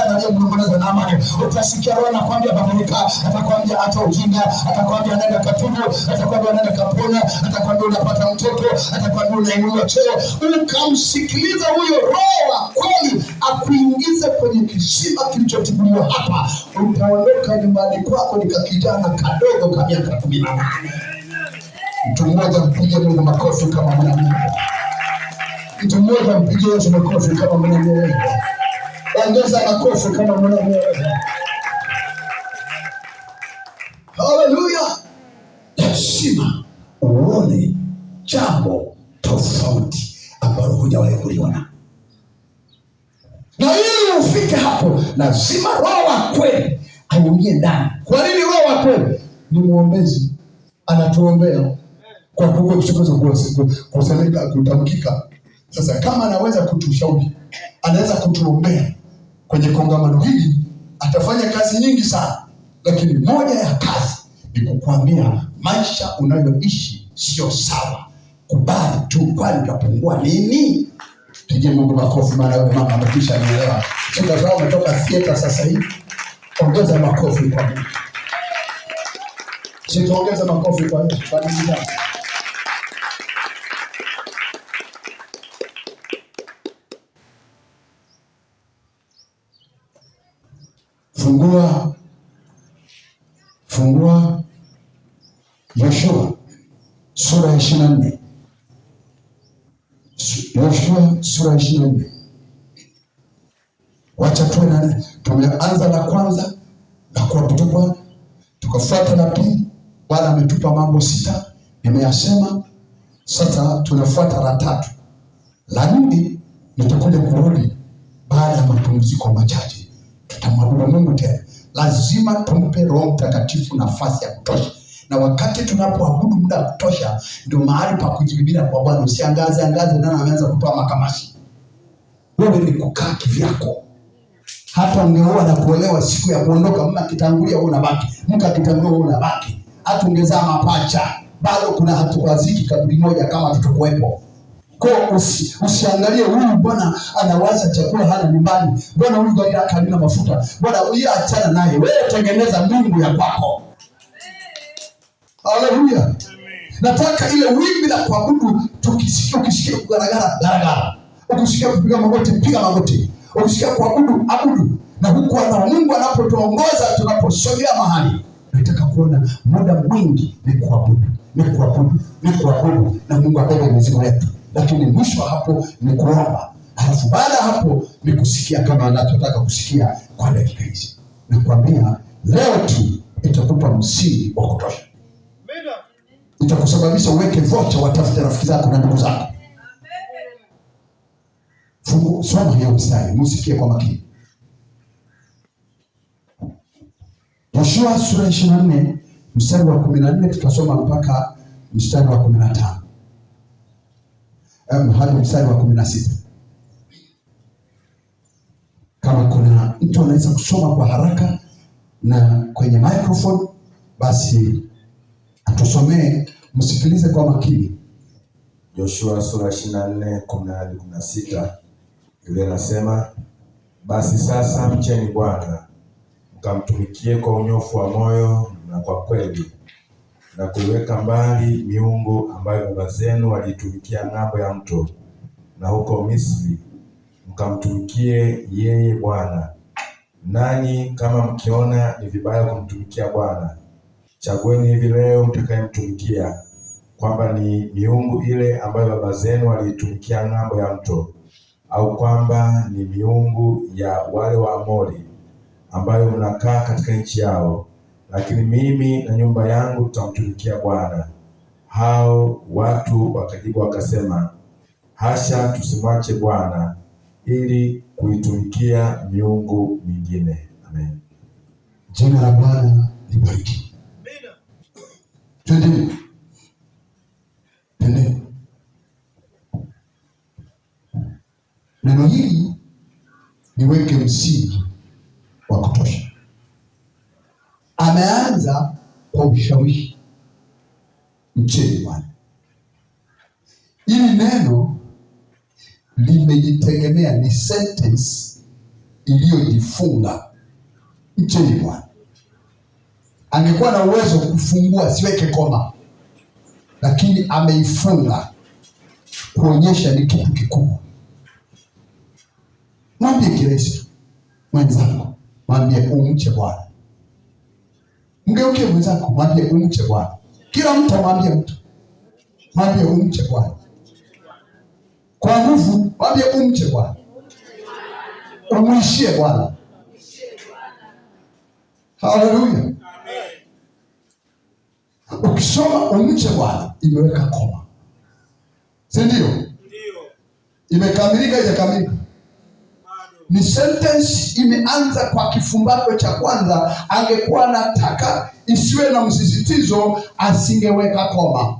anaongea na aliyemnong'oneza Naamani. Utasikia roho anakwambia badilika, atakwambia acha ujinga, atakwambia nenda katubu, atakwambia nenda kapona, atakwambia unapata mtoto, atakwambia unainua cheo. Ukamsikiliza huyo roho wa kweli akuingize kwenye kisima kilichotibuliwa hapa, utaondoka nyumbani kwako ni kakijana kadogo ka miaka kumi na nane. Mtu mmoja mpigie Mungu makofi kama mnaamini. Mtu mmoja mpigie Yesu makofi kama mnaamini. Ongeza makofi kama mnavyoweza. Haleluya! Lazima uone jambo tofauti ambalo hujawahi kuliona, na ili ufike hapo lazima Roho wa kweli aingie ndani. Kwa nini? Roho wa kweli ni mwombezi, anatuombea kwa kuwe kutamkika. Sasa kama anaweza kutushauri, anaweza kutuombea kwenye kongamano hili atafanya kazi nyingi sana, lakini moja ya kazi ni kukuambia maisha unayoishi sio sawa. Kubali tu, kwani utapungua nini? Pigie Mungu makofi, maana wewe mama amekwisha nielewa. Sasa umetoka sieta sasa hivi, ongeza makofi kwa Mungu. Sitaongeza makofi kwa Mungu. Fungua, fungua Yoshua sura ya ishirini na nne. Yoshua sura ya ishirini na nne. Wacha tuwe na tumeanza la kwanza na kuwatutupa, tukafuata la pili. Bwana ametupa mambo sita, nimeyasema. Sasa tunafuata la tatu, la nne nitakuja kurudi baada ya mapumziko machache. Mungu tena, lazima tumpe Roho Mtakatifu nafasi ya kutosha na wakati tunapoabudu muda wa kutosha, ndio mahali pa kujibibina kwa Bwana. Usiangaze angaze nani ameanza kutoa makamashi. Wewe ni kukaa kivyako. Hata ungeoa na kuolewa, siku ya kuondoka, mume akitangulia wewe unabaki, mke akitangulia wewe unabaki. Hata ungezaa mapacha, bado kuna hatukwaziki kaburi moja kama tutakuwepo. Ko usi, usiangalie huyu bwana anawaza chakula hana nyumbani, bwana huyu gari lake halina mafuta, bwana yeye, achana naye wewe, tengeneza Mungu ya kwako. Haleluya! Nataka ile wimbi la kuabudu tukisikia, ukisikia kugaragara garagara, ukisikia kupiga magoti piga magoti, ukisikia kuabudu abudu, na huko ana Mungu anapotuongoza tunaposogea mahali nataka kuona muda mwingi ni kuabudu, ni kuabudu, ni kuabudu, na Mungu abebe mizigo yetu lakini mwisho hapo ni kuomba, alafu baada ya hapo ni kusikia kama anachotaka kusikia kwa dakika hizi. Nakwambia leo tu itakupa msingi wa kutosha, itakusababisha uweke vocha, watafute rafiki zako na ndugu zako. Soma hiyo mstari, musikie kwa makini. Yoshua sura ishirini na nne mstari wa kumi na nne tutasoma mpaka mstari wa kumi na tano hadi mstari wa kumi na sita. Kama kuna mtu anaweza kusoma kwa haraka na kwenye microphone, basi atusomee, msikilize kwa makini. Joshua sura ishirini na nne kumi na hadi kumi na sita basi sasa mcheni Bwana mkamtumikie kwa unyofu wa moyo na kwa kweli na kuiweka mbali miungu ambayo baba zenu waliitumikia ng'ambo ya mto na huko Misri, mkamtumikie yeye Bwana. Nanyi kama mkiona ni vibaya kumtumikia Bwana, chagueni hivi leo mtakayemtumikia, kwamba ni miungu ile ambayo baba zenu waliitumikia ng'ambo ya mto, au kwamba ni miungu ya wale wa Amori ambayo mnakaa katika nchi yao lakini mimi na nyumba yangu tutamtumikia Bwana. Hao watu wakajibu wakasema, hasha, tusimwache Bwana ili kuitumikia miungu mingine. Amen. Jina la Bwana libariki. Neno hili niweke msingi kunishawishi mcheni Bwana. Hili neno limejitegemea, ni sentence iliyojifunga mcheni Bwana. Angekuwa na uwezo kufungua siweke koma, lakini ameifunga kuonyesha ni kitu kikubwa. Mwambie kiresi mwenzako, mwambie umche Bwana. Mgeukie mwenzako, mwambie umche Bwana. Kila mtu mwambie mtu, mwambie umche Bwana kwa nguvu, mwambie umche Bwana, umwishie Bwana. Haleluya! Ukisoma umche Bwana imeweka koma, si ndio? Imekamilika, ijakamilika ni sentence imeanza kwa kifumbato cha kwanza. Angekuwa anataka isiwe na msisitizo, asingeweka koma.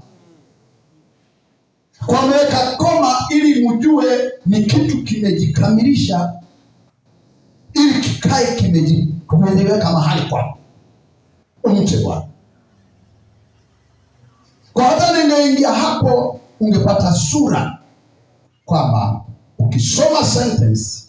Kwa mweka koma ili mjue ni kitu kimejikamilisha, ili kikae kimejiweka mahali kwa umche Bwana. Kwa hata ningeingia hapo, ungepata sura kwamba ukisoma sentence